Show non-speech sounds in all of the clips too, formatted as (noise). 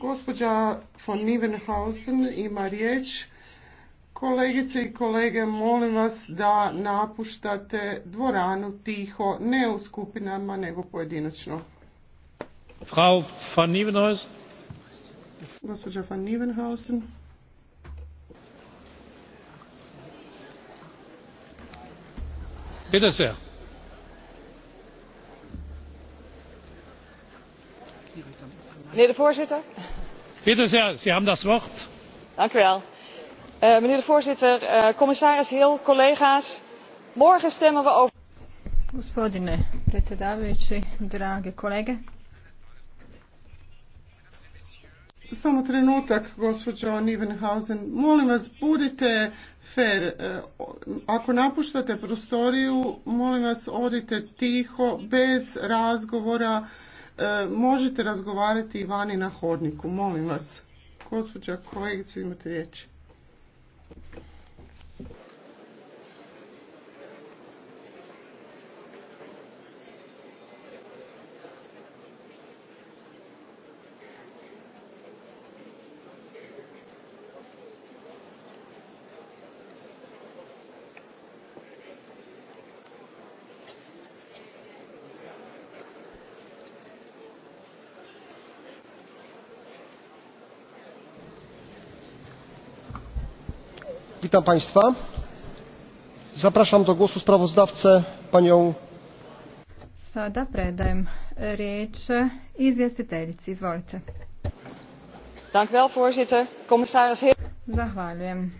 Gospođa von Nivenhausen ima riječ. Kolegice i kolege, molim vas da napuštate dvoranu tiho, ne u skupinama, nego pojedinačno. Frau von Nivenhausen. Gospođa von Nivenhausen. Bitte sehr. voorzitter commissaris hill collega's morgen stemmen we over. gospodine predsjedavajući drage kolege samo trenutak gospođo Nivenhausen. Molim vas, budite fer. Eh, ako napuštate prostoriju, molim vas, odite tiho, bez razgovora E, možete razgovarati i vani na hodniku, molim vas. Gospođa kolegice, imate riječ. witam państwa zapraszam do głosu sprawozdawcę panią sada predajem riječ izvjestiteljici izvolite zahvaljujem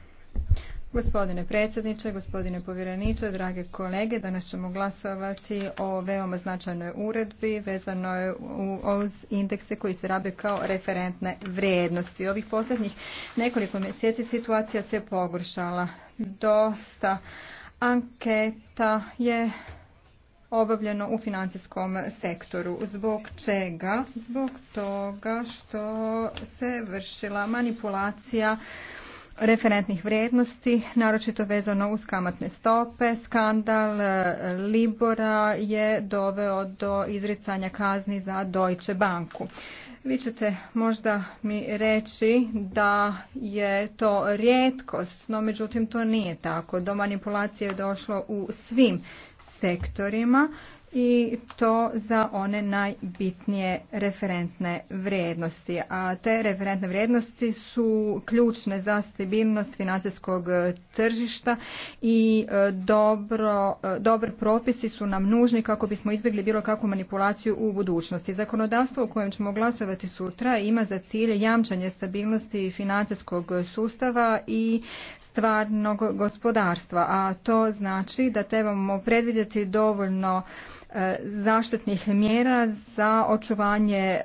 Gospodine predsjedniče, gospodine povjereniče, drage kolege, danas ćemo glasovati o veoma značajnoj uredbi vezanoj uz indekse koji se rabe kao referentne vrijednosti. Ovih posljednjih nekoliko mjeseci situacija se pogoršala. Dosta anketa je obavljeno u financijskom sektoru. Zbog čega? Zbog toga što se vršila manipulacija referentnih vrijednosti, naročito vezano uz kamatne stope. Skandal e, Libora je doveo do izricanja kazni za Deutsche banku. Vi ćete možda mi reći da je to rijetkost, no međutim to nije tako. Do manipulacije je došlo u svim sektorima i to za one najbitnije referentne vrijednosti. A te referentne vrijednosti su ključne za stabilnost financijskog tržišta i e, dobro, e, dobri propisi su nam nužni kako bismo izbjegli bilo kakvu manipulaciju u budućnosti. Zakonodavstvo u kojem ćemo glasovati sutra ima za cilj jamčanje stabilnosti financijskog sustava i stvarnog gospodarstva, a to znači da trebamo predvidjeti dovoljno E, zaštitnih mjera za očuvanje e,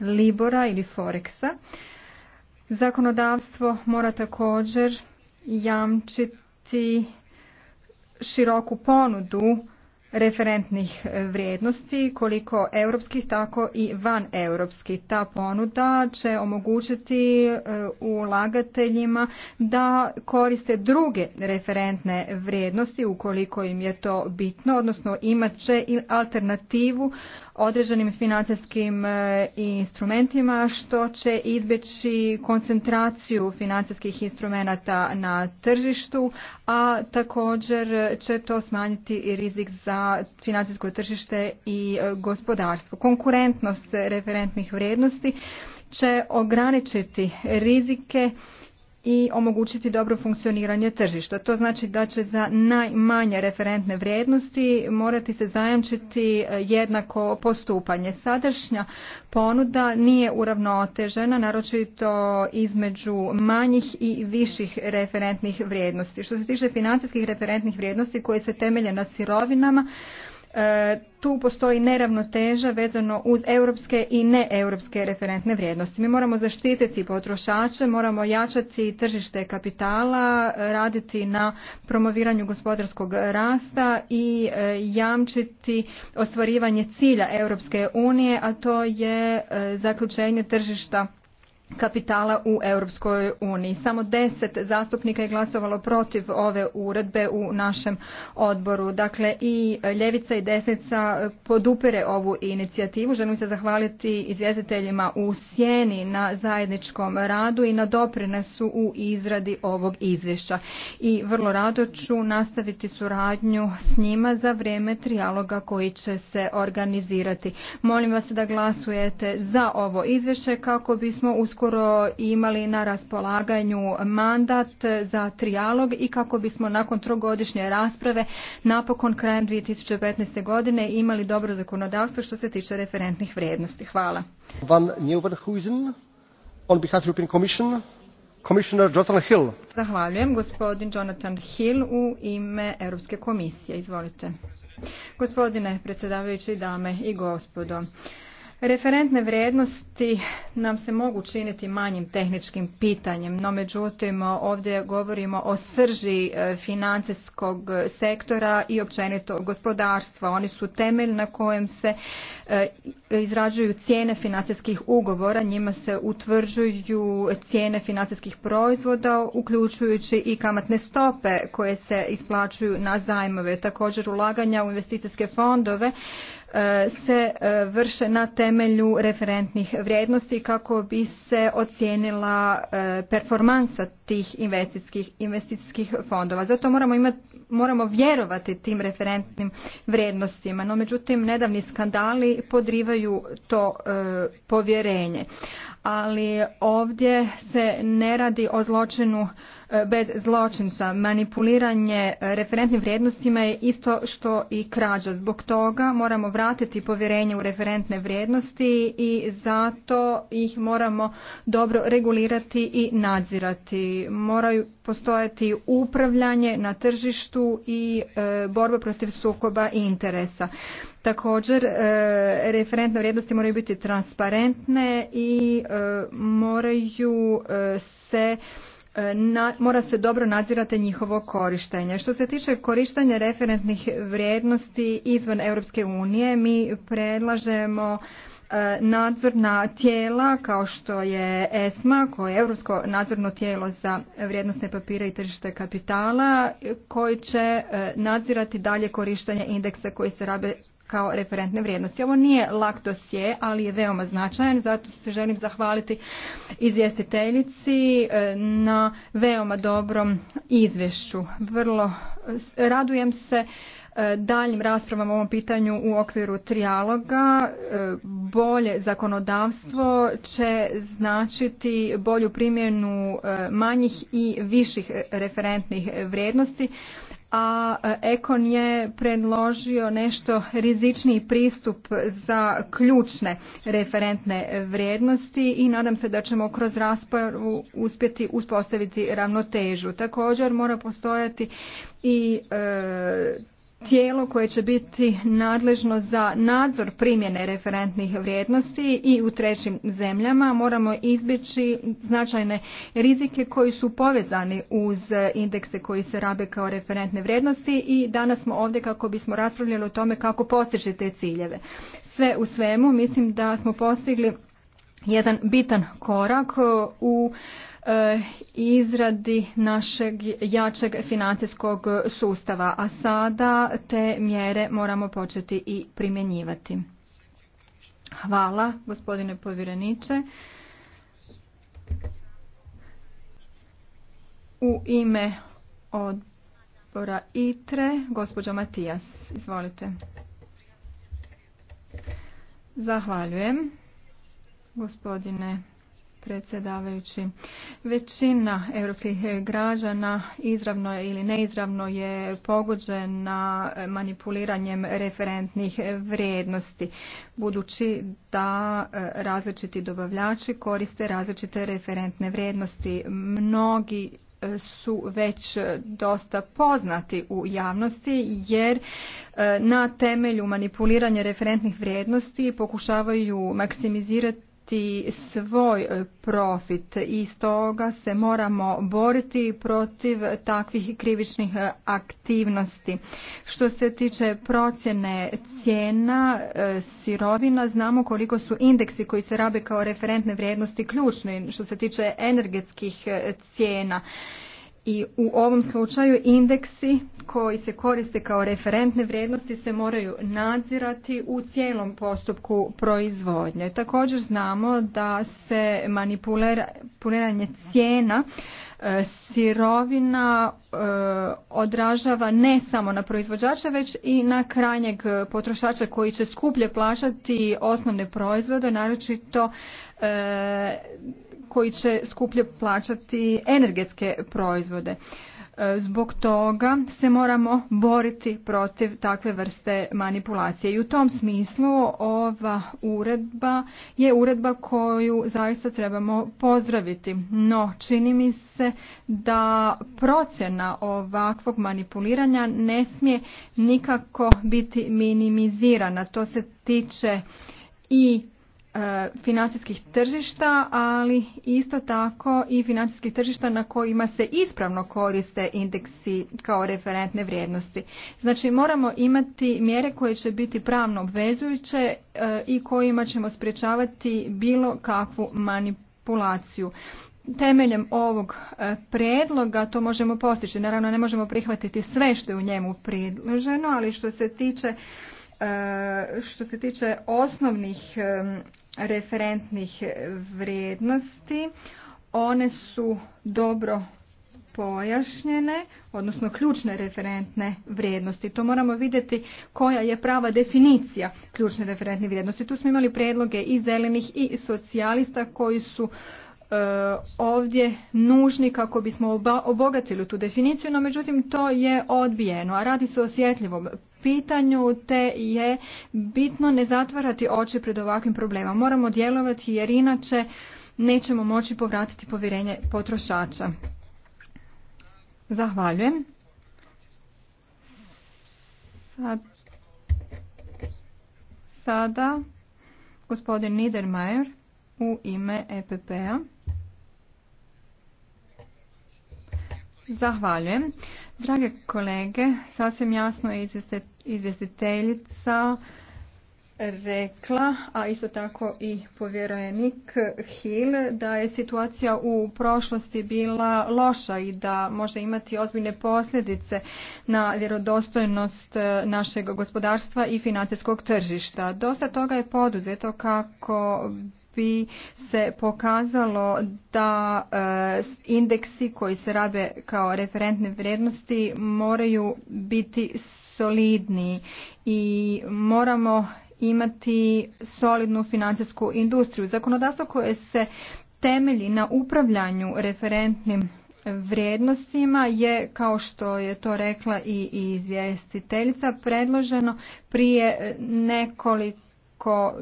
Libora ili Forexa. Zakonodavstvo mora također jamčiti široku ponudu referentnih vrijednosti, koliko europskih, tako i van europskih. Ta ponuda će omogućiti e, ulagateljima da koriste druge referentne vrijednosti ukoliko im je to bitno, odnosno imat će alternativu određenim financijskim e, instrumentima što će izbjeći koncentraciju financijskih instrumenata na tržištu, a također će to smanjiti rizik za financijsko tržište i e, gospodarstvo. Konkurentnost referentnih vrijednosti će ograničiti rizike i omogućiti dobro funkcioniranje tržišta. To znači da će za najmanje referentne vrijednosti morati se zajamčiti e, jednako postupanje. Sadašnja ponuda nije uravnotežena, naročito između manjih i viših referentnih vrijednosti. Što se tiče financijskih referentnih vrijednosti koje se temelje na sirovinama, E, tu postoji neravnoteža vezano uz europske i neeuropske referentne vrijednosti. Mi moramo zaštititi potrošače, moramo jačati tržište kapitala, raditi na promoviranju gospodarskog rasta i e, jamčiti ostvarivanje cilja Europske unije, a to je e, zaključenje tržišta kapitala u Europskoj uniji. Samo deset zastupnika je glasovalo protiv ove uredbe u našem odboru. Dakle, i ljevica i desnica podupire ovu inicijativu. Želim se zahvaliti izvjestiteljima u Sjeni na zajedničkom radu i na doprinesu u izradi ovog izvješća. I vrlo rado ću nastaviti suradnju s njima za vrijeme trijaloga koji će se organizirati. Molim vas da glasujete za ovo izvješće kako bismo uskoro uskoro imali na raspolaganju mandat za trijalog i kako bismo nakon trogodišnje rasprave napokon krajem 2015. godine imali dobro zakonodavstvo što se tiče referentnih vrijednosti. Hvala. Van Nieuwenhuizen, on behalf European Commission, Commissioner Jonathan Hill. Zahvaljujem, gospodin Jonathan Hill u ime Europske komisije. Izvolite. Gospodine predsjedavajući, dame i gospodo. Referentne vrijednosti nam se mogu činiti manjim tehničkim pitanjem, no međutim ovdje govorimo o srži e, financijskog sektora i općenito gospodarstva. Oni su temelj na kojem se e, izrađuju cijene financijskih ugovora, njima se utvrđuju cijene financijskih proizvoda, uključujući i kamatne stope koje se isplaćuju na zajmove. Također ulaganja u investicijske fondove E, se e, vrše na temelju referentnih vrijednosti kako bi se ocijenila e, performansa tih investicijskih, investicijskih fondova. Zato moramo, moramo vjerovati tim referentnim vrijednostima, no međutim nedavni skandali podrivaju to povjerenje. Ali ovdje se ne radi o zločinu bez zločinca. Manipuliranje referentnim vrijednostima je isto što i krađa. Zbog toga moramo vratiti povjerenje u referentne vrijednosti i zato ih moramo dobro regulirati i nadzirati. Moraju postojati upravljanje na tržištu i e, borba protiv sukoba interesa. Također, e, referentne vrijednosti moraju biti transparentne i e, moraju se E, mora se dobro nadzirati njihovo korištenje. Što se tiče korištenja referentnih vrijednosti izvan Europske unije, mi predlažemo e, nadzorna tijela kao što je ESMA, koje je Europsko nadzorno tijelo za vrijednostne papire i tržište kapitala, koji će e, nadzirati dalje korištenje indeksa koji se rabe kao referentne vrijednosti. Ovo nije lak dosje, ali je veoma značajan, zato se želim zahvaliti izvjestiteljici e, na veoma dobrom izvješću. Vrlo e, radujem se e, daljim raspravom o ovom pitanju u okviru trijaloga. Bolje zakonodavstvo će značiti bolju primjenu manjih i viših referentnih vrijednosti a e, Ekon je predložio nešto rizičniji pristup za ključne referentne vrijednosti i nadam se da ćemo kroz raspravu uspjeti uspostaviti ravnotežu. Također mora postojati i e, tijelo koje će biti nadležno za nadzor primjene referentnih vrijednosti i u trećim zemljama moramo izbjeći značajne rizike koji su povezani uz indekse koji se rabe kao referentne vrijednosti i danas smo ovdje kako bismo raspravljali o tome kako postići te ciljeve. Sve u svemu mislim da smo postigli jedan bitan korak u E, izradi našeg jačeg financijskog sustava, a sada te mjere moramo početi i primjenjivati. Hvala gospodine povjereniče. U ime odbora ITRE, gospođa Matijas, izvolite. Zahvaljujem gospodine predsjedavajući. Većina europskih građana izravno ili neizravno je pogođena manipuliranjem referentnih vrijednosti, budući da e, različiti dobavljači koriste različite referentne vrijednosti. Mnogi e, su već dosta poznati u javnosti jer e, na temelju manipuliranja referentnih vrijednosti pokušavaju maksimizirati imati svoj e, profit i stoga se moramo boriti protiv takvih krivičnih e, aktivnosti. Što se tiče procjene cijena e, sirovina, znamo koliko su indeksi koji se rabe kao referentne vrijednosti ključni što se tiče energetskih cijena i u ovom slučaju indeksi koji se koriste kao referentne vrijednosti se moraju nadzirati u cijelom postupku proizvodnje. Također znamo da se manipuliranje cijena e, sirovina e, odražava ne samo na proizvođača već i na krajnjeg potrošača koji će skuplje plaćati osnovne proizvode, naročito e, koji će skuplje plaćati energetske proizvode. E, zbog toga se moramo boriti protiv takve vrste manipulacije. I u tom smislu ova uredba je uredba koju zaista trebamo pozdraviti. No, čini mi se da procjena ovakvog manipuliranja ne smije nikako biti minimizirana. To se tiče i E, financijskih tržišta, ali isto tako i financijskih tržišta na kojima se ispravno koriste indeksi kao referentne vrijednosti. Znači moramo imati mjere koje će biti pravno obvezujuće e, i kojima ćemo sprječavati bilo kakvu manipulaciju temeljem ovog e, predloga to možemo postići. Naravno ne možemo prihvatiti sve što je u njemu priloženo, ali što se tiče što se tiče osnovnih referentnih vrijednosti. One su dobro pojašnjene, odnosno ključne referentne vrijednosti. To moramo vidjeti koja je prava definicija ključne referentne vrijednosti. Tu smo imali predloge i zelenih i socijalista koji su e, ovdje nužni kako bismo obogatili tu definiciju, no međutim to je odbijeno, a radi se o osjetljivom pitanju te je bitno ne zatvarati oči pred ovakvim problemom. Moramo djelovati jer inače nećemo moći povratiti povjerenje potrošača. Zahvaljujem. Sada gospodin Niedermayer u ime EPP-a. Zahvaljujem. Drage kolege, sasvim jasno je izvjestiteljica rekla, a isto tako i povjerenik Hill, da je situacija u prošlosti bila loša i da može imati ozbiljne posljedice na vjerodostojnost e, našeg gospodarstva i financijskog tržišta. Dosta toga je poduzeto kako bi se pokazalo da e, indeksi koji se rabe kao referentne vrijednosti moraju biti solidni i moramo imati solidnu financijsku industriju. Zakonodavstvo koje se temelji na upravljanju referentnim vrijednostima je, kao što je to rekla i izvjestiteljica, predloženo prije nekoliko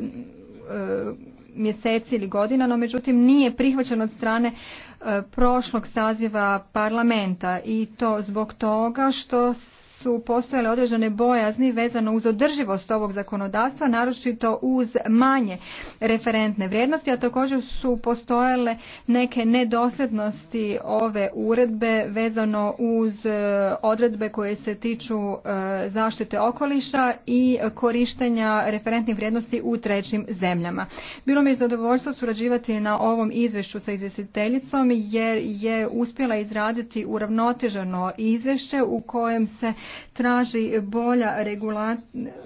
e, mjeseci ili godina, no međutim nije prihvaćen od strane e, prošlog saziva parlamenta i to zbog toga što su postojale određene bojazni vezano uz održivost ovog zakonodavstva, naročito uz manje referentne vrijednosti, a također su postojale neke nedosljednosti ove uredbe vezano uz e, odredbe koje se tiču e, zaštite okoliša i korištenja referentnih vrijednosti u trećim zemljama. Bilo mi je zadovoljstvo surađivati na ovom izvješću sa izvjestiteljicom jer je uspjela izraditi uravnoteženo izvješće u kojem se traži bolja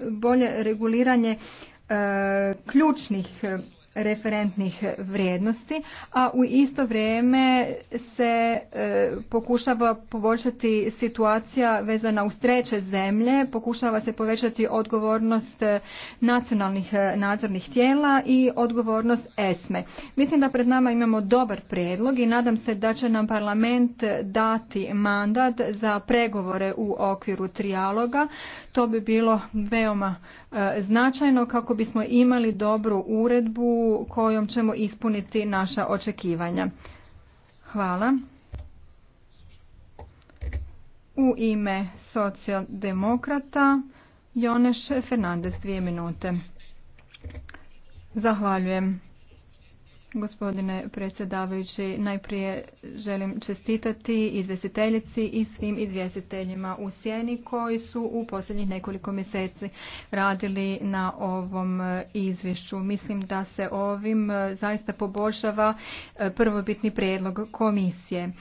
bolje reguliranje e, ključnih referentnih vrijednosti, a u isto vrijeme se e, pokušava poboljšati situacija vezana uz treće zemlje, pokušava se povećati odgovornost nacionalnih e, nadzornih tijela i odgovornost ESME. Mislim da pred nama imamo dobar prijedlog i nadam se da će nam parlament dati mandat za pregovore u okviru trijaloga. To bi bilo veoma e, značajno kako bismo imali dobru uredbu u kojom ćemo ispuniti naša očekivanja. Hvala. U ime socijaldemokrata Joneš Fernandez, dvije minute. Zahvaljujem. Gospodine predsjedavajući, najprije želim čestitati izvjestiteljici i svim izvjestiteljima u Sjeni koji su u posljednjih nekoliko mjeseci radili na ovom e, izvješću. Mislim da se ovim e, zaista poboljšava e, prvobitni prijedlog komisije.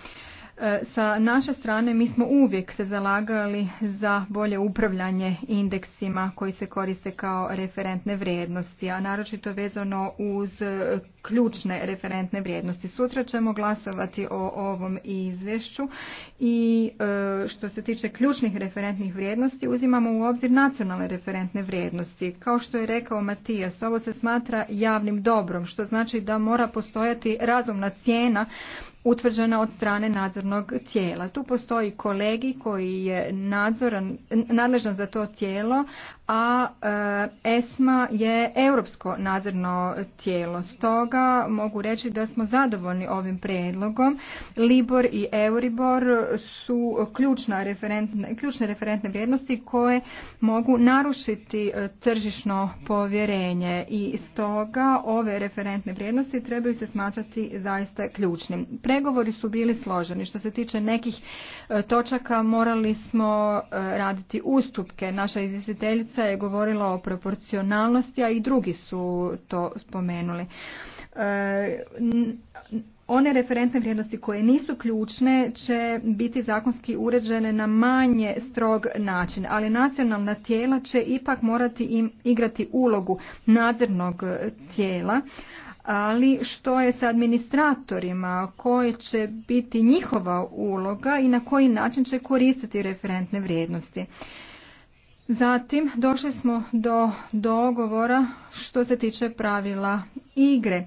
E, sa naše strane mi smo uvijek se zalagali za bolje upravljanje indeksima koji se koriste kao referentne vrijednosti, a naročito vezano uz ključne referentne vrijednosti. Sutra ćemo glasovati o ovom izvješću i e, što se tiče ključnih referentnih vrijednosti uzimamo u obzir nacionalne referentne vrijednosti. Kao što je rekao Matijas, ovo se smatra javnim dobrom, što znači da mora postojati razumna cijena utvrđena od strane nadzornog tijela. Tu postoji kolegi koji je nadzoran, nadležan za to tijelo, a e, ESMA je europsko nadzorno tijelo. Stoga mogu reći da smo zadovoljni ovim prijedlogom. Libor i Euribor su ključna referentne, ključne referentne vrijednosti koje mogu narušiti e, tržišno povjerenje i stoga ove referentne vrijednosti trebaju se smatrati zaista ključnim. Pregovori su bili složeni. Što se tiče nekih e, točaka morali smo e, raditi ustupke. Naša izvjestiteljica je govorila o proporcionalnosti, a i drugi su to spomenuli. E, one referentne vrijednosti koje nisu ključne će biti zakonski uređene na manje strog način, ali nacionalna tijela će ipak morati im igrati ulogu nadzornog tijela, ali što je sa administratorima, koje će biti njihova uloga i na koji način će koristiti referentne vrijednosti. Zatim došli smo do dogovora što se tiče pravila igre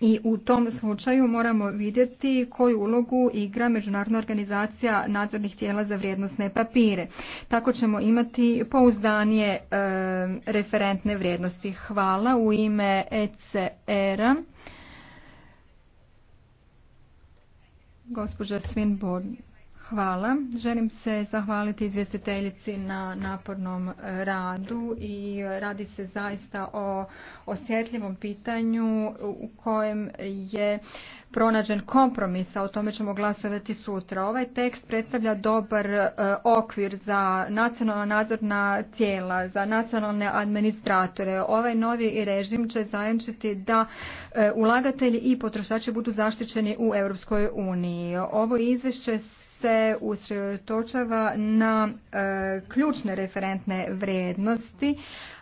i u tom slučaju moramo vidjeti koju ulogu igra Međunarodna organizacija nadzornih tijela za vrijednostne papire. Tako ćemo imati pouzdanje e, referentne vrijednosti. Hvala u ime ECR-a. Gospođa Hvala. Želim se zahvaliti izvjestiteljici na napornom radu i radi se zaista o osjetljivom pitanju u kojem je pronađen kompromis, a o tome ćemo glasovati sutra. Ovaj tekst predstavlja dobar e, okvir za nacionalna nadzorna tijela, za nacionalne administratore. Ovaj novi režim će zajamčiti da e, ulagatelji i potrošači budu zaštićeni u Europskoj uniji. Ovo izvješće se usredotočava na e, ključne referentne vrijednosti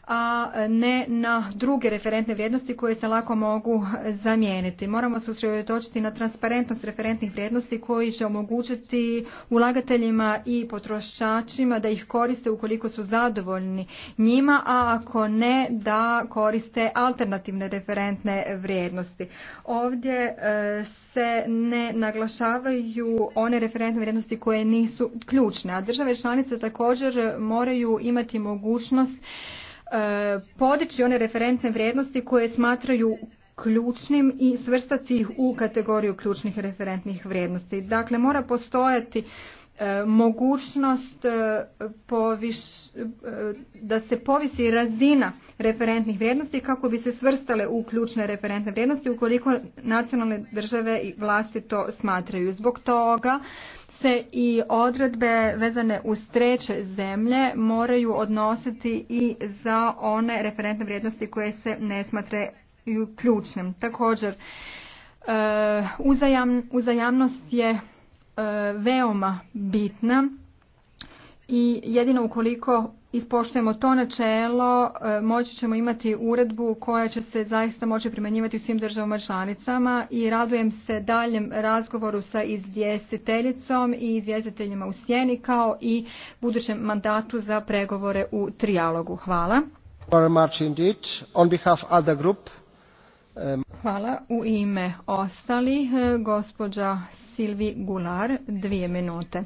a ne na druge referentne vrijednosti koje se lako mogu zamijeniti. Moramo se usredotočiti na transparentnost referentnih vrijednosti koji će omogućiti ulagateljima i potrošačima da ih koriste ukoliko su zadovoljni njima, a ako ne da koriste alternativne referentne vrijednosti. Ovdje e, se ne naglašavaju one referentne vrijednosti koje nisu ključne, a države članice također moraju imati mogućnost E, podići one referentne vrijednosti koje smatraju ključnim i svrstati ih u kategoriju ključnih referentnih vrijednosti. Dakle, mora postojati e, mogućnost e, da se povisi razina referentnih vrijednosti kako bi se svrstale u ključne referentne vrijednosti ukoliko nacionalne države i vlasti to smatraju. Zbog toga se i odredbe vezane uz treće zemlje moraju odnositi i za one referentne vrijednosti koje se ne smatraju ključnim. Također, eh, uzajamnost je eh, veoma bitna i jedino ukoliko ispoštujemo to načelo, e, moći ćemo imati uredbu koja će se zaista moći primjenjivati u svim državama članicama i radujem se daljem razgovoru sa izvjestiteljicom i izvjestiteljima u sjeni kao i budućem mandatu za pregovore u trijalogu. Hvala. Very Hvala. U ime ostali, e, gospođa Silvi Gular, dvije minute.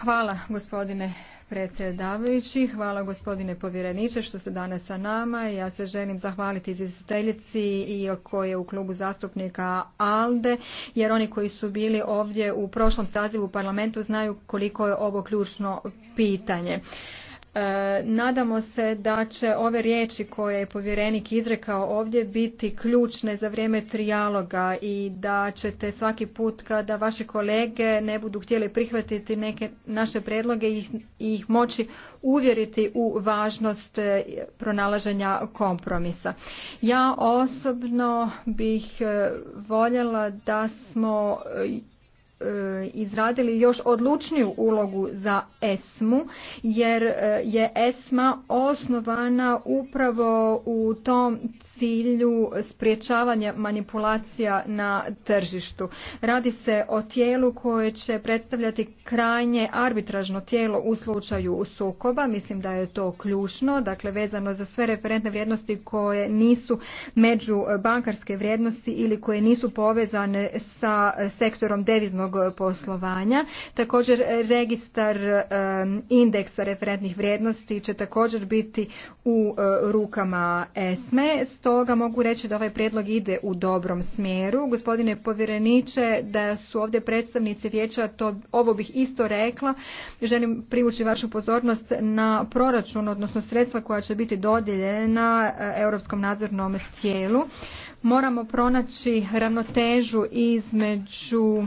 Hvala gospodine predsjedavajući, hvala gospodine povjereniče što ste danas sa nama. Ja se želim zahvaliti izvjestiteljici i je u klubu zastupnika ALDE, jer oni koji su bili ovdje u prošlom sazivu u parlamentu znaju koliko je ovo ključno pitanje. E, nadamo se da će ove riječi koje je povjerenik izrekao ovdje biti ključne za vrijeme trijaloga i da ćete svaki put kada vaše kolege ne budu htjeli prihvatiti neke naše predloge i ih moći uvjeriti u važnost e, pronalaženja kompromisa. Ja osobno bih e, voljela da smo E, izradili još odlučniju ulogu za ESMU jer e, je ESMA osnovana upravo u tom cilju spriječavanja manipulacija na tržištu. Radi se o tijelu koje će predstavljati krajnje arbitražno tijelo u slučaju sukoba. Mislim da je to ključno, dakle vezano za sve referentne vrijednosti koje nisu među bankarske vrijednosti ili koje nisu povezane sa sektorom deviznog poslovanja. Također registar indeksa referentnih vrijednosti će također biti u e, rukama ESME toga mogu reći da ovaj prijedlog ide u dobrom smjeru. Gospodine povjereniče, da su ovdje predstavnici vijeća, to, ovo bih isto rekla. Želim privući vašu pozornost na proračun, odnosno sredstva koja će biti dodijeljena e, Europskom nadzornom tijelu. Moramo pronaći ravnotežu između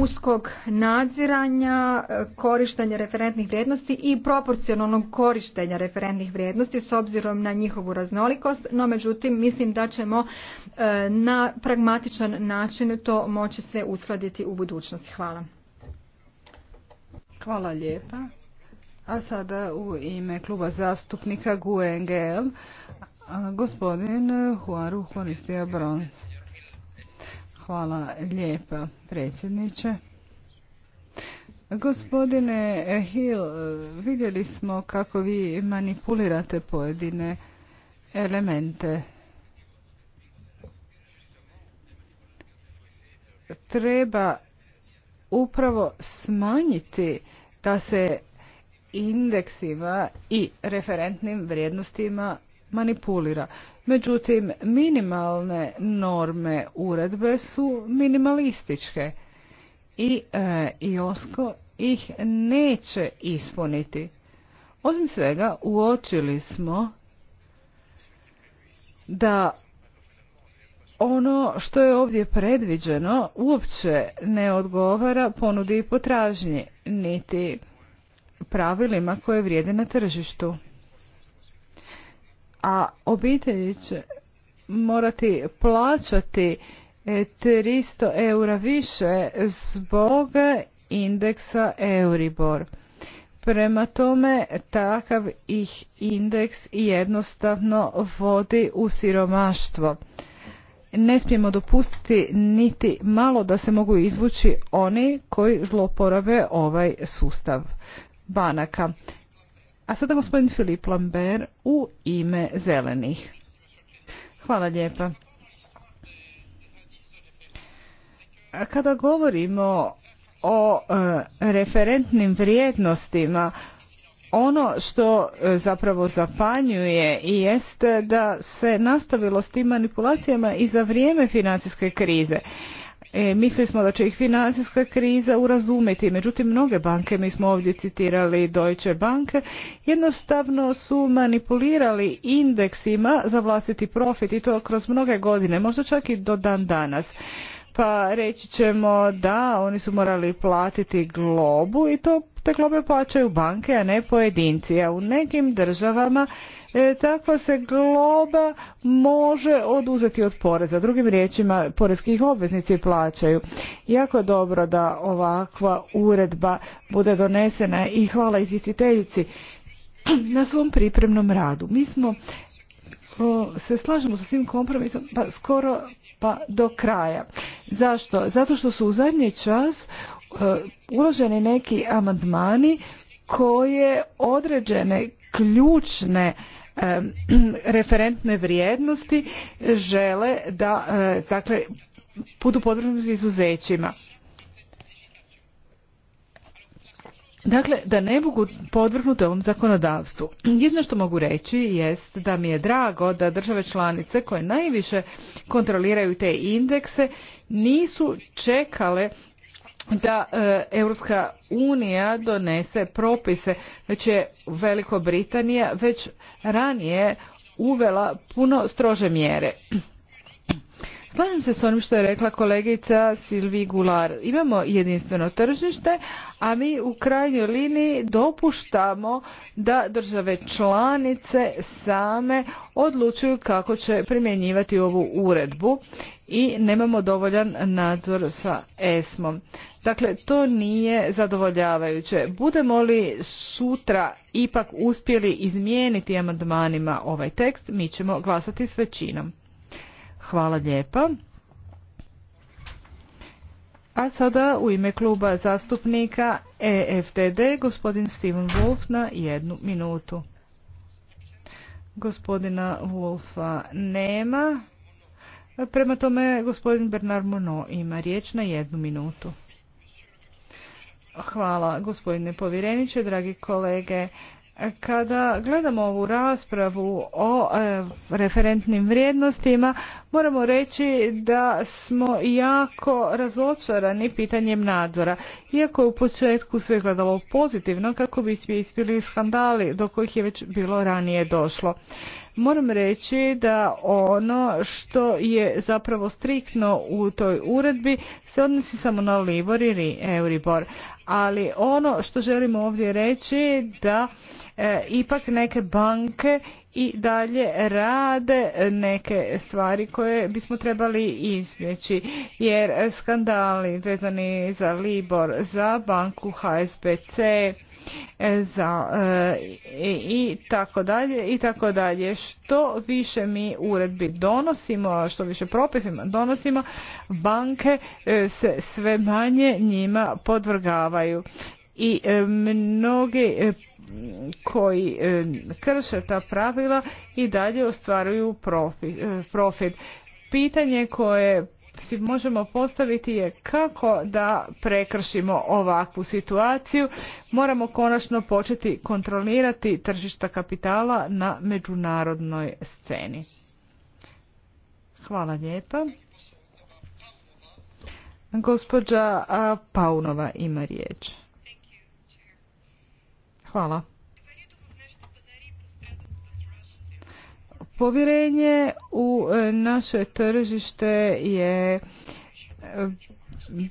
uskog nadziranja, korištenja referentnih vrijednosti i proporcionalnog korištenja referentnih vrijednosti s obzirom na njihovu raznolikost, no međutim mislim da ćemo na pragmatičan način to moći se uskladiti u budućnosti. Hvala. Hvala lijepa. A sada u ime kluba zastupnika GUNGL gospodin Huaru Horistija Bronc. Hvala lijepa predsjedniče. Gospodine Hill, vidjeli smo kako vi manipulirate pojedine elemente. Treba upravo smanjiti da se indeksima i referentnim vrijednostima manipulira. Međutim, minimalne norme uredbe su minimalističke i e, IOSCO ih neće ispuniti. Osim svega, uočili smo da ono što je ovdje predviđeno uopće ne odgovara ponudi i potražnji, niti pravilima koje vrijede na tržištu a obitelji će morati plaćati 300 e, eura više zbog indeksa Euribor. Prema tome, takav ih indeks jednostavno vodi u siromaštvo. Ne smijemo dopustiti niti malo da se mogu izvući oni koji zloporabe ovaj sustav banaka. A sada gospodin Filip Lambert u ime zelenih. Hvala lijepa. Kada govorimo o e, referentnim vrijednostima, ono što e, zapravo zapanjuje jeste da se nastavilo s tim manipulacijama i za vrijeme financijske krize. E, mislili smo da će ih financijska kriza urazumjeti, međutim mnoge banke, mi smo ovdje citirali Deutsche Banke, jednostavno su manipulirali indeksima za vlastiti profit i to kroz mnoge godine, možda čak i do dan danas. Pa reći ćemo da oni su morali platiti globu i to te globe plaćaju banke, a ne pojedinci. A u nekim državama E, takva se globa može oduzeti od poreza. Drugim riječima, porezkih obveznici plaćaju. Jako je dobro da ovakva uredba bude donesena i hvala izvjestiteljici na svom pripremnom radu. Mi smo se slažemo sa svim kompromisom pa skoro pa do kraja. Zašto? Zato što su u zadnji čas e, uloženi neki amandmani koje određene ključne (clears throat) referentne vrijednosti žele da e, dakle, budu podvrgnuti izuzećima. Dakle, da ne mogu podvrhnuti ovom zakonodavstvu. Jedno što mogu reći jest da mi je drago da države članice koje najviše kontroliraju te indekse nisu čekale da e, Europska unija donese propise, već je Veliko Britanija već ranije uvela puno strože mjere. Slažem se s onim što je rekla kolegica Silvi Gular. Imamo jedinstveno tržište, a mi u krajnjoj liniji dopuštamo da države članice same odlučuju kako će primjenjivati ovu uredbu i nemamo dovoljan nadzor sa ESMom. Dakle, to nije zadovoljavajuće. Budemo li sutra ipak uspjeli izmijeniti amandmanima ovaj tekst, mi ćemo glasati s većinom. Hvala lijepa. A sada u ime kluba zastupnika EFDD gospodin Steven Wolf na jednu minutu. Gospodina Wolfa nema. Prema tome gospodin Bernard Monod ima riječ na jednu minutu. Hvala gospodine povjereniče, dragi kolege. Kada gledamo ovu raspravu o e, referentnim vrijednostima, moramo reći da smo jako razočarani pitanjem nadzora. Iako je u početku sve gledalo pozitivno kako bi svi ispili skandali do kojih je već bilo ranije došlo. Moram reći da ono što je zapravo striktno u toj uredbi se odnosi samo na Libor i Euribor, ali ono što želimo ovdje reći da e, ipak neke banke i dalje rade neke stvari koje bismo trebali izbjeći jer skandali vezani za Libor, za banku HSBC E, za e, i tako dalje i tako dalje. Što više mi uredbi donosimo, što više propisima donosimo, banke e, se sve manje njima podvrgavaju i mnogi koji krše ta pravila i dalje ostvaruju profit. Pitanje koje si možemo postaviti je kako da prekršimo ovakvu situaciju. Moramo konačno početi kontrolirati tržišta kapitala na međunarodnoj sceni. Hvala lijepa. Gospođa Paunova ima riječ. Hvala. Povjerenje u e, naše tržište je e,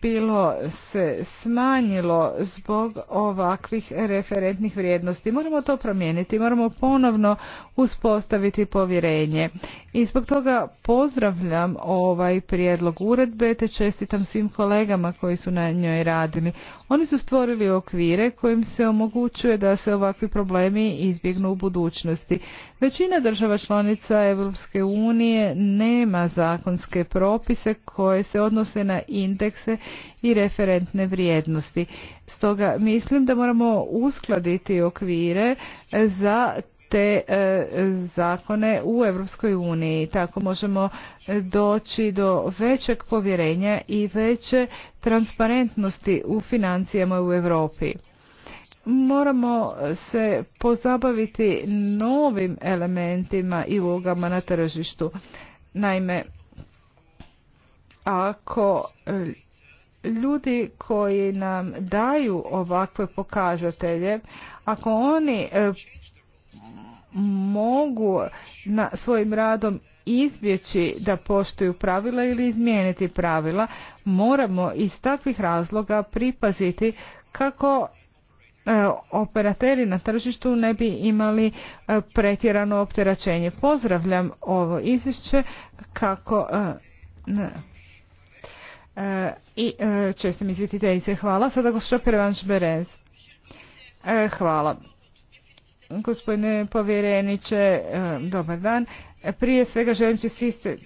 bilo se smanjilo zbog ovakvih referentnih vrijednosti. Moramo to promijeniti, moramo ponovno uspostaviti povjerenje. I zbog toga pozdravljam ovaj prijedlog uredbe te čestitam svim kolegama koji su na njoj radili. Oni su stvorili okvire kojim se omogućuje da se ovakvi problemi izbjegnu u budućnosti. Većina država članica Europske unije nema zakonske propise koje se odnose na indekse i referentne vrijednosti. Stoga mislim da moramo uskladiti okvire za te e, zakone u Europskoj uniji. Tako možemo e, doći do većeg povjerenja i veće transparentnosti u financijama u Europi. Moramo se pozabaviti novim elementima i ulogama na tržištu. Naime, ako e, ljudi koji nam daju ovakve pokazatelje, ako oni mogu na svojim radom izbjeći da poštuju pravila ili izmijeniti pravila, moramo iz takvih razloga pripaziti kako e, operateri na tržištu ne bi imali e, pretjerano opterećenje. Pozdravljam ovo izvješće kako e, i čestim izvjetiteljice. Hvala. Sada gospođa Prevanš Berez. Hvala. Gospodine povjereniče, e, dobar dan. Prije svega želim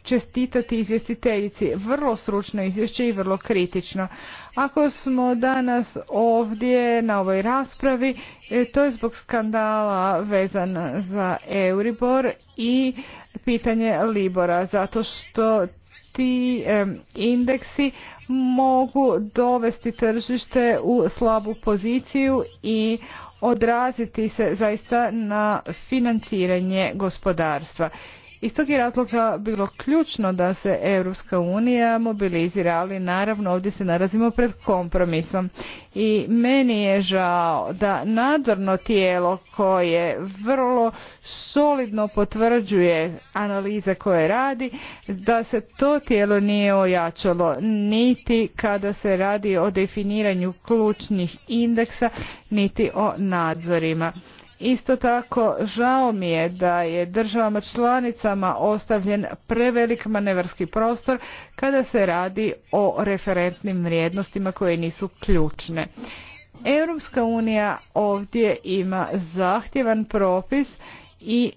čestitati izvjestiteljici. Vrlo stručno izvješće i vrlo kritično. Ako smo danas ovdje na ovoj raspravi, e, to je zbog skandala vezan za Euribor i pitanje Libora, zato što ti e, indeksi mogu dovesti tržište u slabu poziciju i odraziti se zaista na financiranje gospodarstva iz tog je razloga bilo ključno da se Europska unija mobilizira, ali naravno ovdje se narazimo pred kompromisom. I meni je žao da nadzorno tijelo koje vrlo solidno potvrđuje analize koje radi, da se to tijelo nije ojačalo niti kada se radi o definiranju ključnih indeksa, niti o nadzorima Isto tako, žao mi je da je državama članicama ostavljen prevelik manevarski prostor kada se radi o referentnim vrijednostima koje nisu ključne. Europska unija ovdje ima zahtjevan propis i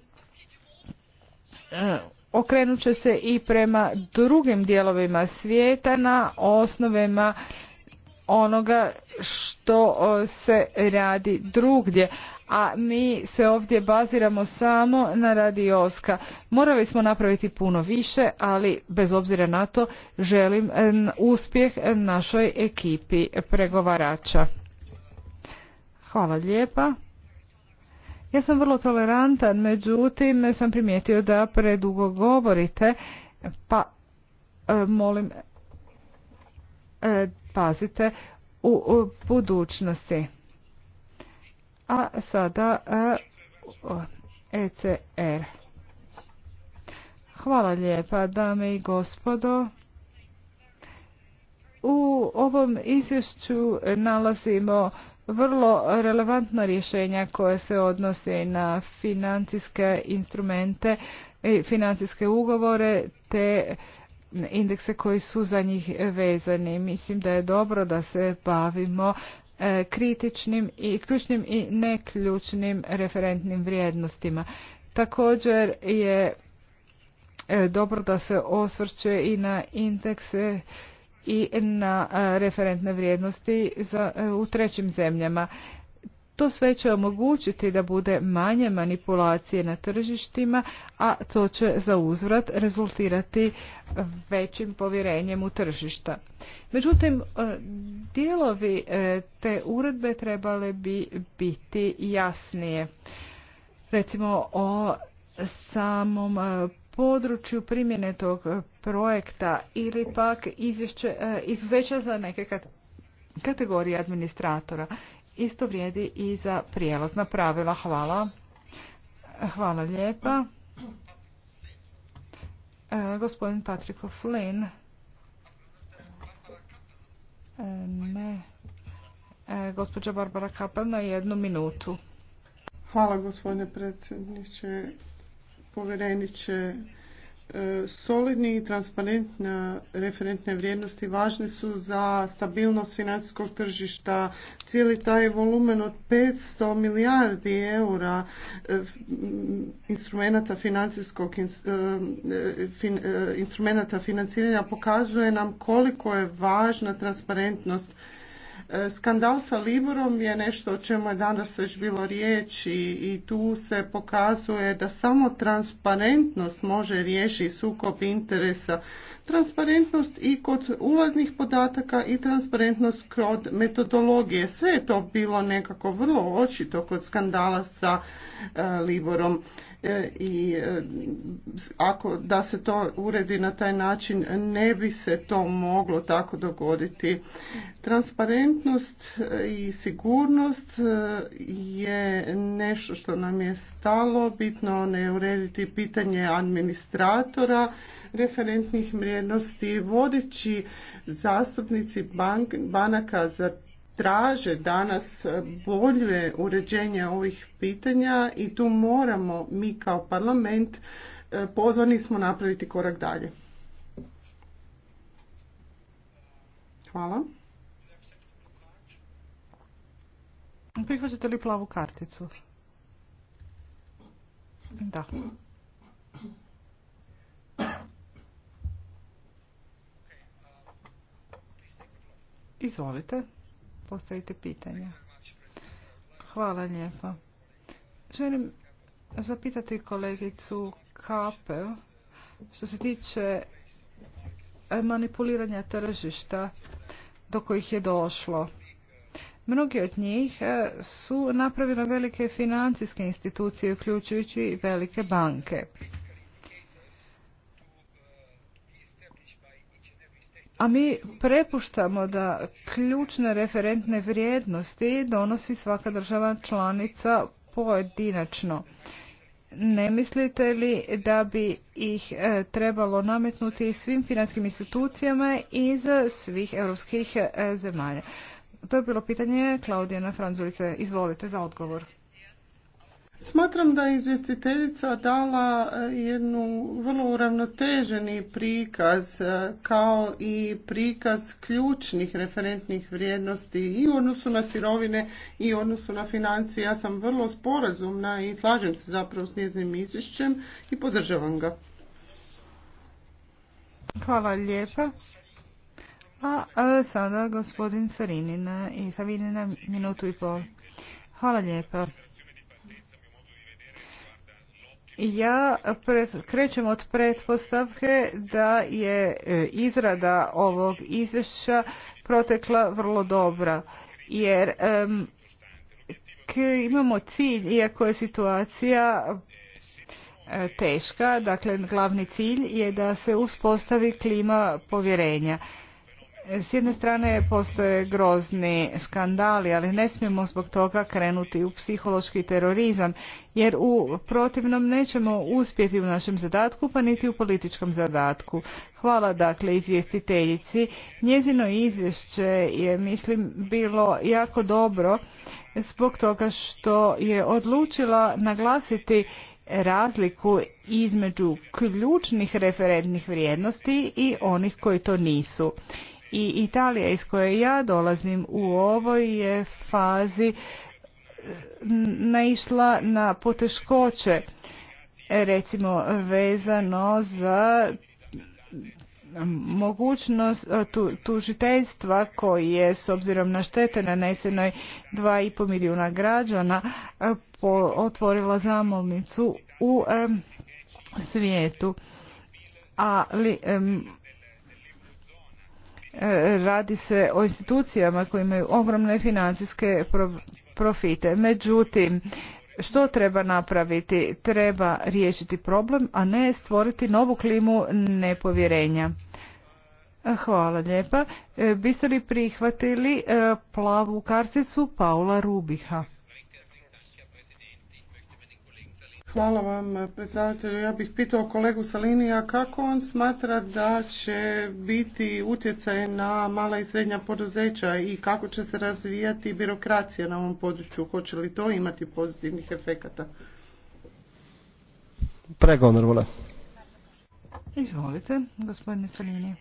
e, okrenut će se i prema drugim dijelovima svijeta na osnovama onoga što se radi drugdje, a mi se ovdje baziramo samo na radioska. Morali smo napraviti puno više, ali bez obzira na to želim uspjeh našoj ekipi pregovarača. Hvala lijepa. Ja sam vrlo tolerantan, međutim sam primijetio da predugo govorite, pa molim pazite u budućnosti. A sada ECR. E Hvala lijepa, dame i gospodo. U ovom izvješću nalazimo vrlo relevantna rješenja koje se odnose na financijske instrumente i financijske ugovore te indekse koji su za njih vezani. Mislim da je dobro da se bavimo e, kritičnim i ključnim i neključnim referentnim vrijednostima. Također je e, dobro da se osvrće i na indekse i na e, referentne vrijednosti za, u trećim zemljama. To sve će omogućiti da bude manje manipulacije na tržištima, a to će za uzvrat rezultirati e, većim povjerenjem u tržišta. Međutim, e, dijelovi e, te uredbe trebale bi biti jasnije. Recimo o samom području primjene tog projekta ili pak izuzeća za neke kategorije administratora isto vrijedi i za prijelazna pravila. Hvala. Hvala lijepa. E, gospodin Patrick Flynn. E, ne. E, gospođa Barbara Kapel na jednu minutu. Hvala gospodine predsjedniče, povjereniče, solidni i transparentne referentne vrijednosti važne su za stabilnost financijskog tržišta. Cijeli taj volumen od 500 milijardi eura e, instrumenata financijskog e, e, instrumenata financiranja pokazuje nam koliko je važna transparentnost Skandal sa Liborom je nešto o čemu je danas već bilo riječi i tu se pokazuje da samo transparentnost može riješiti sukob interesa transparentnost i kod ulaznih podataka i transparentnost kod metodologije. Sve je to bilo nekako vrlo očito kod skandala sa e, Liborom e, i e, ako da se to uredi na taj način ne bi se to moglo tako dogoditi. Transparentnost i sigurnost je nešto što nam je stalo, bitno ne urediti pitanje administratora referentnih mreža nosti Vodeći zastupnici banaka za traže danas bolje uređenje ovih pitanja i tu moramo mi kao parlament e, pozvani smo napraviti korak dalje. Hvala. Prihvaćate li plavu karticu? Da. Izvolite, postavite pitanje. Hvala lijepo. Želim zapitati kolegicu Kapel što se tiče e, manipuliranja tržišta do kojih je došlo. Mnogi od njih e, su napravile velike financijske institucije, uključujući i velike banke. a mi prepuštamo da ključne referentne vrijednosti donosi svaka država članica pojedinačno. Ne mislite li da bi ih e, trebalo nametnuti svim finanskim institucijama iz svih europskih e, zemalja? To je bilo pitanje Klaudijana Franzulice. Izvolite za odgovor. Smatram da je izvjestiteljica dala e, jednu vrlo uravnoteženi prikaz e, kao i prikaz ključnih referentnih vrijednosti i u odnosu na sirovine i u odnosu na financije. Ja sam vrlo sporazumna i slažem se zapravo s njeznim izvješćem i podržavam ga. Hvala lijepa. A, sada gospodin Sarinina i Savinina minutu i pol. Hvala lijepa. Ja krećem od pretpostavke da je e, izrada ovog izvješća protekla vrlo dobra, jer imamo cilj, iako je situacija e, teška, dakle glavni cilj je da se uspostavi klima povjerenja s jedne strane postoje grozni skandali, ali ne smijemo zbog toga krenuti u psihološki terorizam, jer u protivnom nećemo uspjeti u našem zadatku, pa niti u političkom zadatku. Hvala dakle izvjestiteljici. Njezino izvješće je, mislim, bilo jako dobro zbog toga što je odlučila naglasiti razliku između ključnih referentnih vrijednosti i onih koji to nisu i Italija iz koje ja dolazim u ovoj je fazi e, naišla na poteškoće recimo vezano za mogućnost e, tužiteljstva koji je s obzirom na štete nanesenoj 2,5 milijuna građana e, otvorila zamolnicu u svijetu. Ali E, radi se o institucijama koje imaju ogromne financijske profite. Međutim, što treba napraviti? Treba riješiti problem, a ne stvoriti novu klimu nepovjerenja. E, hvala lijepa. E, biste li prihvatili plavu karticu Paula Rubiha? Hvala vam, predsjedatelju. Ja bih pitao kolegu Salinija kako on smatra da će biti utjecaj na mala i srednja poduzeća i kako će se razvijati birokracija na ovom području. Hoće li to imati pozitivnih efekata? Prego, Izvolite, gospodine Salini.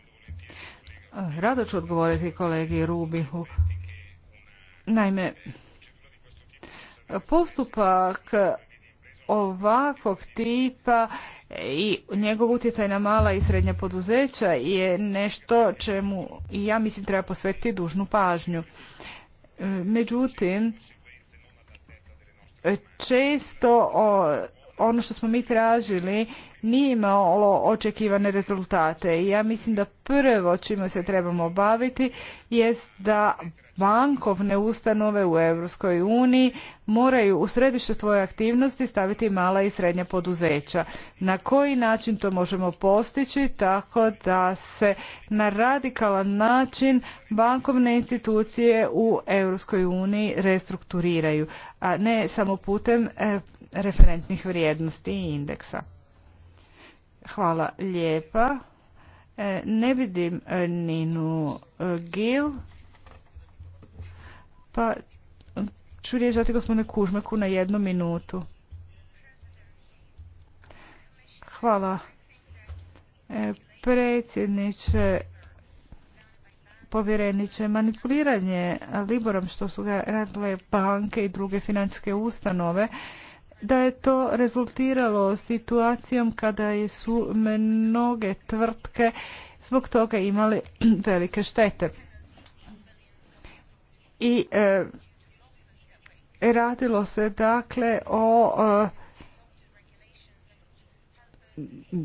Rado ću odgovoriti kolegi Rubihu. Naime, postupak ovakvog tipa i njegov utjecaj na mala i srednja poduzeća je nešto čemu i ja mislim treba posvetiti dužnu pažnju. E, međutim, često ono što smo mi tražili nije imalo očekivane rezultate i ja mislim da prvo čime se trebamo baviti jest da bankovne ustanove u Europskoj uniji moraju u središte svoje aktivnosti staviti mala i srednja poduzeća. Na koji način to možemo postići tako da se na radikalan način bankovne institucije u Europskoj uniji restrukturiraju, a ne samo putem e, referentnih vrijednosti i indeksa. Hvala lijepa. E, ne vidim e, Ninu Gil. Pa ću riječ dati gospodine Kužmeku na jednu minutu. Hvala. E, predsjedniče, povjereniče, manipuliranje Liborom što su ga radile banke i druge financijske ustanove, da je to rezultiralo situacijom kada su mnoge tvrtke zbog toga imali (clears throat) velike štete i e, radilo se dakle o e,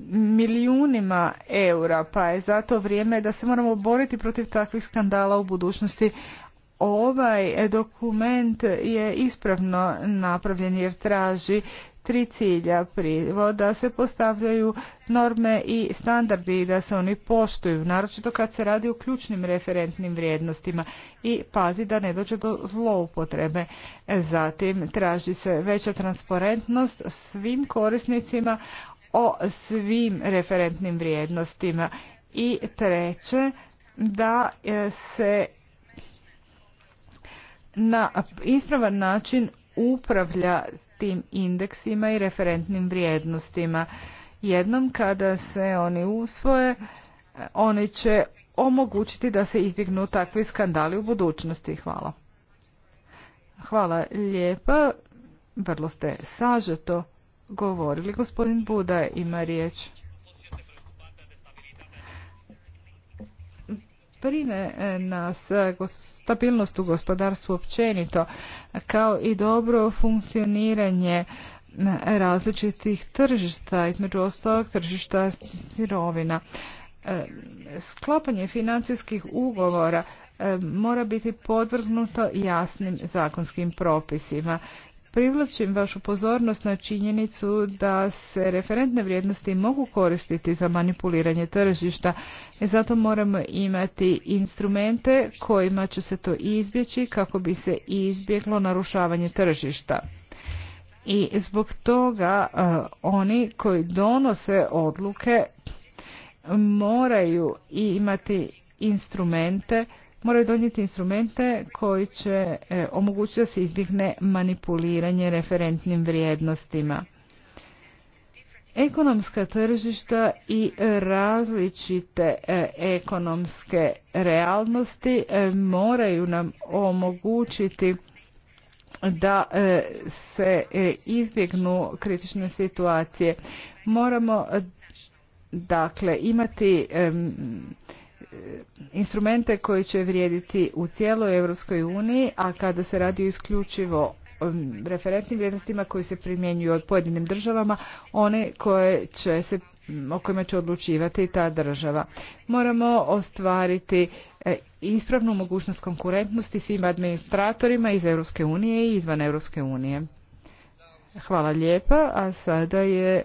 milijunima eura pa je zato vrijeme da se moramo boriti protiv takvih skandala u budućnosti ovaj dokument je ispravno napravljen jer traži tri cilja da se postavljaju norme i standardi i da se oni poštuju, naročito kad se radi o ključnim referentnim vrijednostima i pazi da ne dođe do zloupotrebe. Zatim traži se veća transparentnost svim korisnicima o svim referentnim vrijednostima i treće da e, se na ispravan način upravlja tim indeksima i referentnim vrijednostima. Jednom kada se oni usvoje, oni će omogućiti da se izbjegnu takvi skandali u budućnosti. Hvala. Hvala lijepa. Vrlo ste sažeto govorili. Gospodin Buda ima riječ. brine e, nas stabilnost u gospodarstvu općenito, kao i dobro funkcioniranje e, različitih tržišta, između ostalog tržišta sirovina. E, sklapanje financijskih ugovora mora biti podvrgnuto jasnim zakonskim propisima. Privlačim vašu pozornost na činjenicu da se referentne vrijednosti mogu koristiti za manipuliranje tržišta. E, zato moramo imati instrumente kojima će se to izbjeći kako bi se izbjeglo narušavanje tržišta. I zbog toga e, oni koji donose odluke moraju imati instrumente moraju donijeti instrumente koji će e, omogućiti da se izbjegne manipuliranje referentnim vrijednostima. Ekonomska tržišta i različite e, ekonomske realnosti e, moraju nam omogućiti da se izbjegnu kritične situacije. Moramo dakle imati E, instrumente koji će vrijediti u cijeloj Europskoj uniji, a kada se radi isključivo um, referentnim vrijednostima koji se primjenjuju od pojedinim državama, one koje će se o kojima će odlučivati ta država. Moramo ostvariti e, ispravnu mogućnost konkurentnosti svim administratorima iz Europske unije i izvan Europske unije. Hvala lijepa, a sada je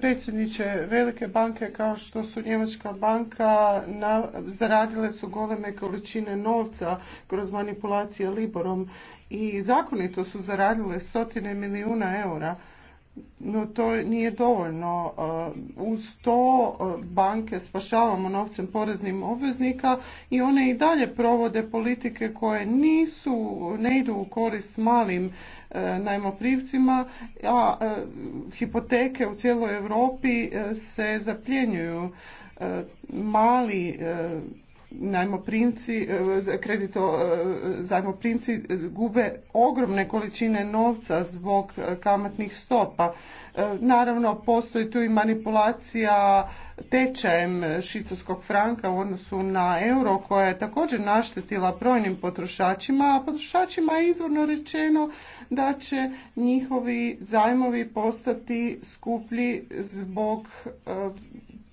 Predsjedniče, velike banke kao što su Njemačka banka zaradile su goleme količine novca kroz manipulacije Liborom i zakonito su zaradile stotine milijuna eura no to nije dovoljno. E, uz to e, banke spašavamo novcem poreznim obveznika i one i dalje provode politike koje nisu, ne idu u korist malim e, najmoprivcima, a hipoteke u cijeloj Europi se zapljenjuju. Mali najmoprimci, e, kredito e, zajmoprimci gube ogromne količine novca zbog e, kamatnih stopa. Naravno, postoji tu i manipulacija tečajem švicarskog franka u odnosu na euro koja je također naštetila brojnim potrošačima, a potrošačima je izvorno rečeno da će njihovi zajmovi postati skuplji zbog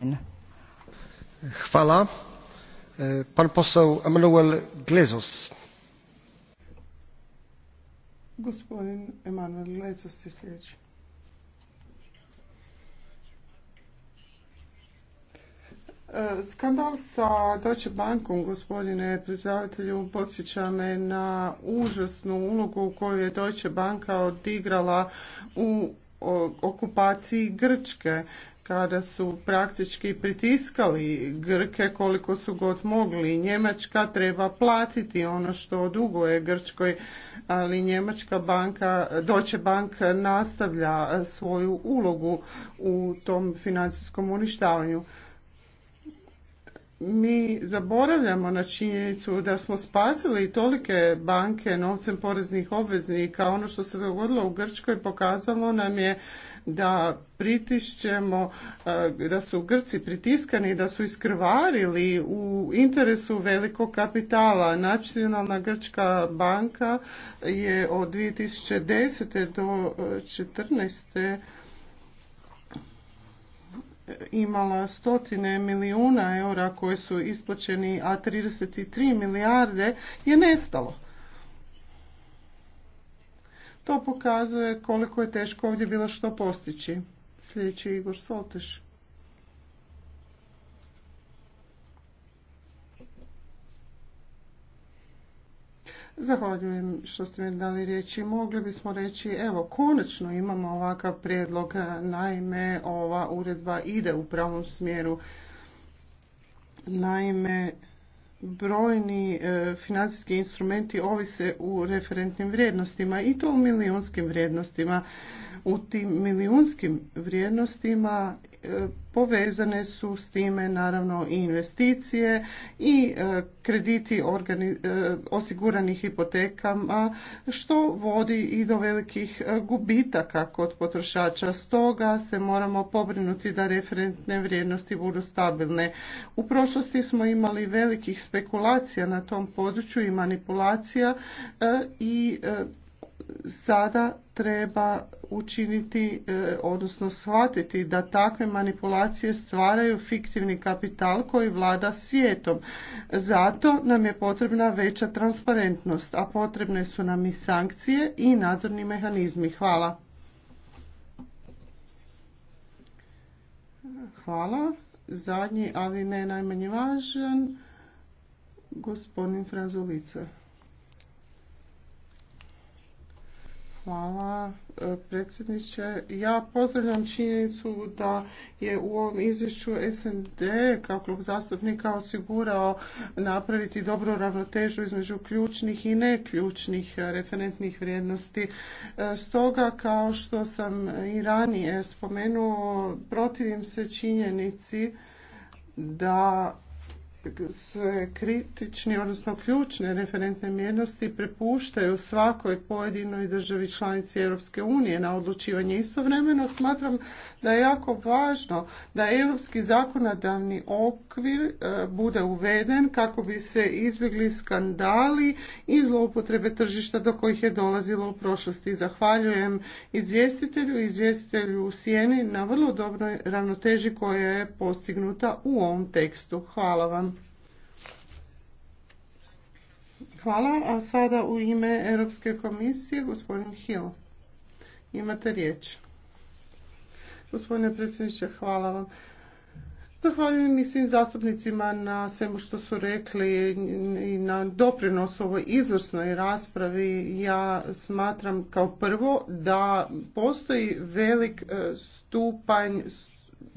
Hvala. E, pan e, Skandal sa Deutsche Bankom, gospodine predsjedavatelju, podsjeća me na užasnu ulogu u koju je Deutsche Banka odigrala u okupaciji Grčke kada su praktički pritiskali Grke koliko su god mogli. Njemačka treba platiti ono što je Grčkoj, ali Njemačka banka, Deutsche Bank nastavlja svoju ulogu u tom financijskom uništavanju mi zaboravljamo na činjenicu da smo spasili tolike banke novcem poreznih obveznika. Ono što se dogodilo u Grčkoj pokazalo nam je da pritišćemo, eh, da su Grci pritiskani, da su iskrvarili u interesu velikog kapitala. Nacionalna Grčka banka je od 2010. do 2014 eh, imala stotine milijuna eura koji su isplaćeni, a 33 milijarde je nestalo. To pokazuje koliko je teško ovdje bilo što postići. Sljedeći Igor Soltiš. Zahvaljujem što ste mi dali riječi. Mogli bismo reći, evo, konačno imamo ovakav prijedlog, naime, ova uredba ide u pravom smjeru. Naime, brojni e, financijski instrumenti ovise u referentnim vrijednostima i to u milijunskim vrijednostima. U tim milijunskim vrijednostima povezane su s time naravno i investicije i e, krediti e, osiguranih osigurani hipotekama što vodi i do velikih e, gubitaka kod potrošača. Stoga se moramo pobrinuti da referentne vrijednosti budu stabilne. U prošlosti smo imali velikih spekulacija na tom području i manipulacija i sada treba učiniti, e, odnosno shvatiti da takve manipulacije stvaraju fiktivni kapital koji vlada svijetom. Zato nam je potrebna veća transparentnost, a potrebne su nam i sankcije i nadzorni mehanizmi. Hvala. Hvala. Zadnji, ali ne najmanje važan, gospodin Franzulica. Hvala e, predsjedniče. Ja pozdravljam činjenicu da je u ovom izvješću SND kao klub zastupnika osigurao napraviti dobru ravnotežu između ključnih i neključnih e, referentnih vrijednosti. E, stoga kao što sam i ranije spomenuo protivim se činjenici da sve kritični, odnosno ključne referentne mjernosti prepuštaju svakoj pojedinoj državi članici Europske unije na odlučivanje. Istovremeno smatram da je jako važno da europski zakonodavni okvir e, bude uveden kako bi se izbjegli skandali i zloupotrebe tržišta do kojih je dolazilo u prošlosti. Zahvaljujem izvjestitelju i izvjestitelju u Sijeni na vrlo dobroj ravnoteži koja je postignuta u ovom tekstu. Hvala vam. Hvala, a sada u ime Europske komisije gospodin Hill. Imate riječ. Gospodine predsjedniče, hvala vam. Zahvaljujem i svim zastupnicima na svemu što su rekli i na doprinos ovoj izvrsnoj raspravi. Ja smatram kao prvo da postoji velik e, stupanj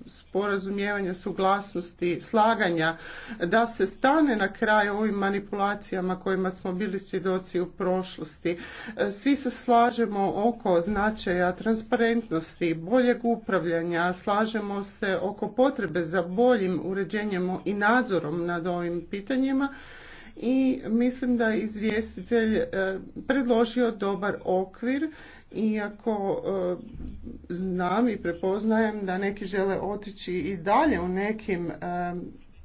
sporazumijevanja, suglasnosti, slaganja, da se stane na kraj ovim manipulacijama kojima smo bili svjedoci u prošlosti. E, svi se slažemo oko značaja transparentnosti, boljeg upravljanja, slažemo se oko potrebe za boljim uređenjem i nadzorom nad ovim pitanjima i mislim da je izvjestitelj e, predložio dobar okvir iako e, znam i prepoznajem da neki žele otići i dalje u nekim e,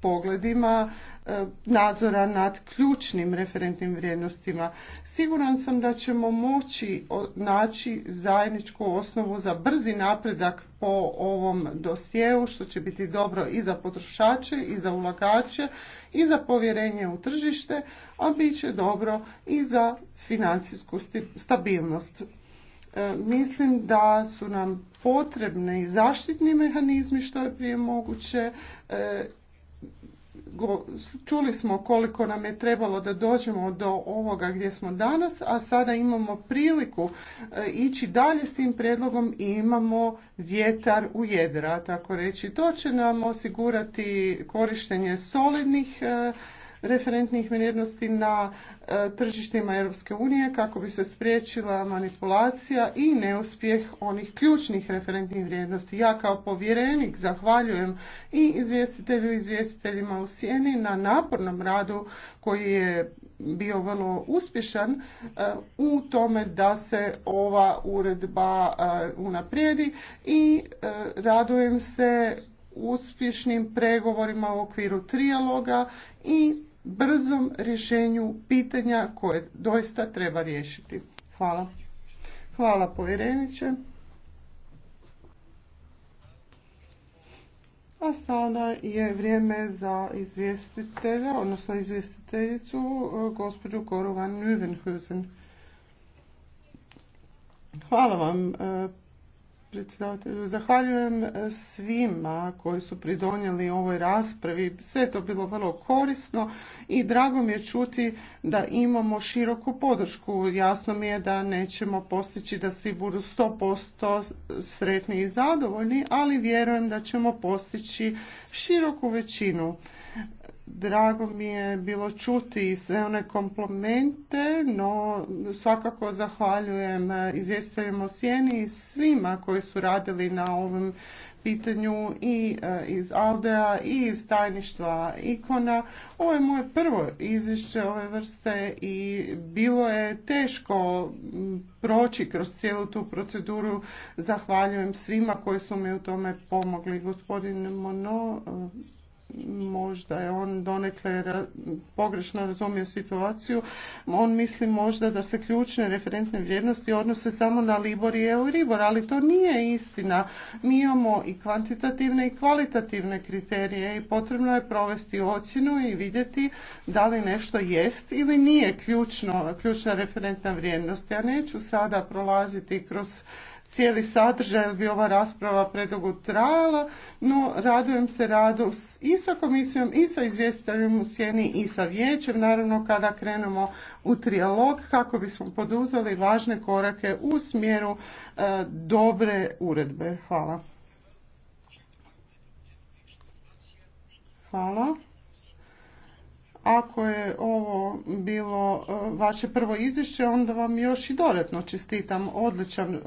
pogledima e, nadzora nad ključnim referentnim vrijednostima. Siguran sam da ćemo moći naći zajedničku osnovu za brzi napredak po ovom dosjeu što će biti dobro i za potrošače i za ulagače i za povjerenje u tržište, a bit će dobro i za financijsku stabilnost. E, mislim da su nam potrebne i zaštitni mehanizmi što je prije moguće. E, čuli smo koliko nam je trebalo da dođemo do ovoga gdje smo danas, a sada imamo priliku e, ići dalje s tim predlogom i imamo vjetar u jedra, tako reći. To će nam osigurati korištenje solidnih referentnih vrijednosti na e, tržištima Europske unije kako bi se spriječila manipulacija i neuspjeh onih ključnih referentnih vrijednosti. Ja kao povjerenik zahvaljujem i izvjestitelju i izvjestiteljima u Sjeni na napornom radu koji je bio vrlo uspješan e, u tome da se ova uredba e, unaprijedi i radujem se uspješnim pregovorima u okviru trijaloga i brzom rješenju pitanja koje doista treba riješiti. Hvala. Hvala povjereniče. A sada je vrijeme za izvjestitelja, odnosno izvjestiteljicu, e, gospođu Koru van Hvala vam e, predsjedavatelju. Zahvaljujem e, svima koji su pridonijeli ovoj raspravi. Sve je to bilo vrlo korisno i drago mi je čuti da imamo široku podršku. Jasno mi je da nećemo postići da svi budu 100% sretni i zadovoljni, ali vjerujem da ćemo postići široku većinu. Drago mi je bilo čuti sve one komplemente, no svakako zahvaljujem izvjestiteljem o sjeni i svima koji su radili na ovom pitanju i e, iz Aldea i iz tajništva Ikona. Ovo je moje prvo izvješće ove vrste i bilo je teško proći kroz cijelu tu proceduru. Zahvaljujem svima koji su mi u tome pomogli. Gospodin Mono, e, možda je on donekle pogrešno razumio situaciju. On misli možda da se ključne referentne vrijednosti odnose samo na Libor i Euribor, ali to nije istina. Mi imamo i kvantitativne i kvalitativne kriterije i potrebno je provesti ocjenu i vidjeti da li nešto jest ili nije ključna referentna vrijednost. Ja neću sada prolaziti kroz cijeli sadržaj, bi ova rasprava predugo trajala, no radujem se radu i sa komisijom i sa izvjestiteljem u sjeni i sa vijećem, naravno kada krenemo u trijalog kako bismo poduzeli važne korake u smjeru e, dobre uredbe. Hvala. Hvala. Ako je ovo bilo e, vaše prvo izvješće, onda vam još i dodatno čestitam odličan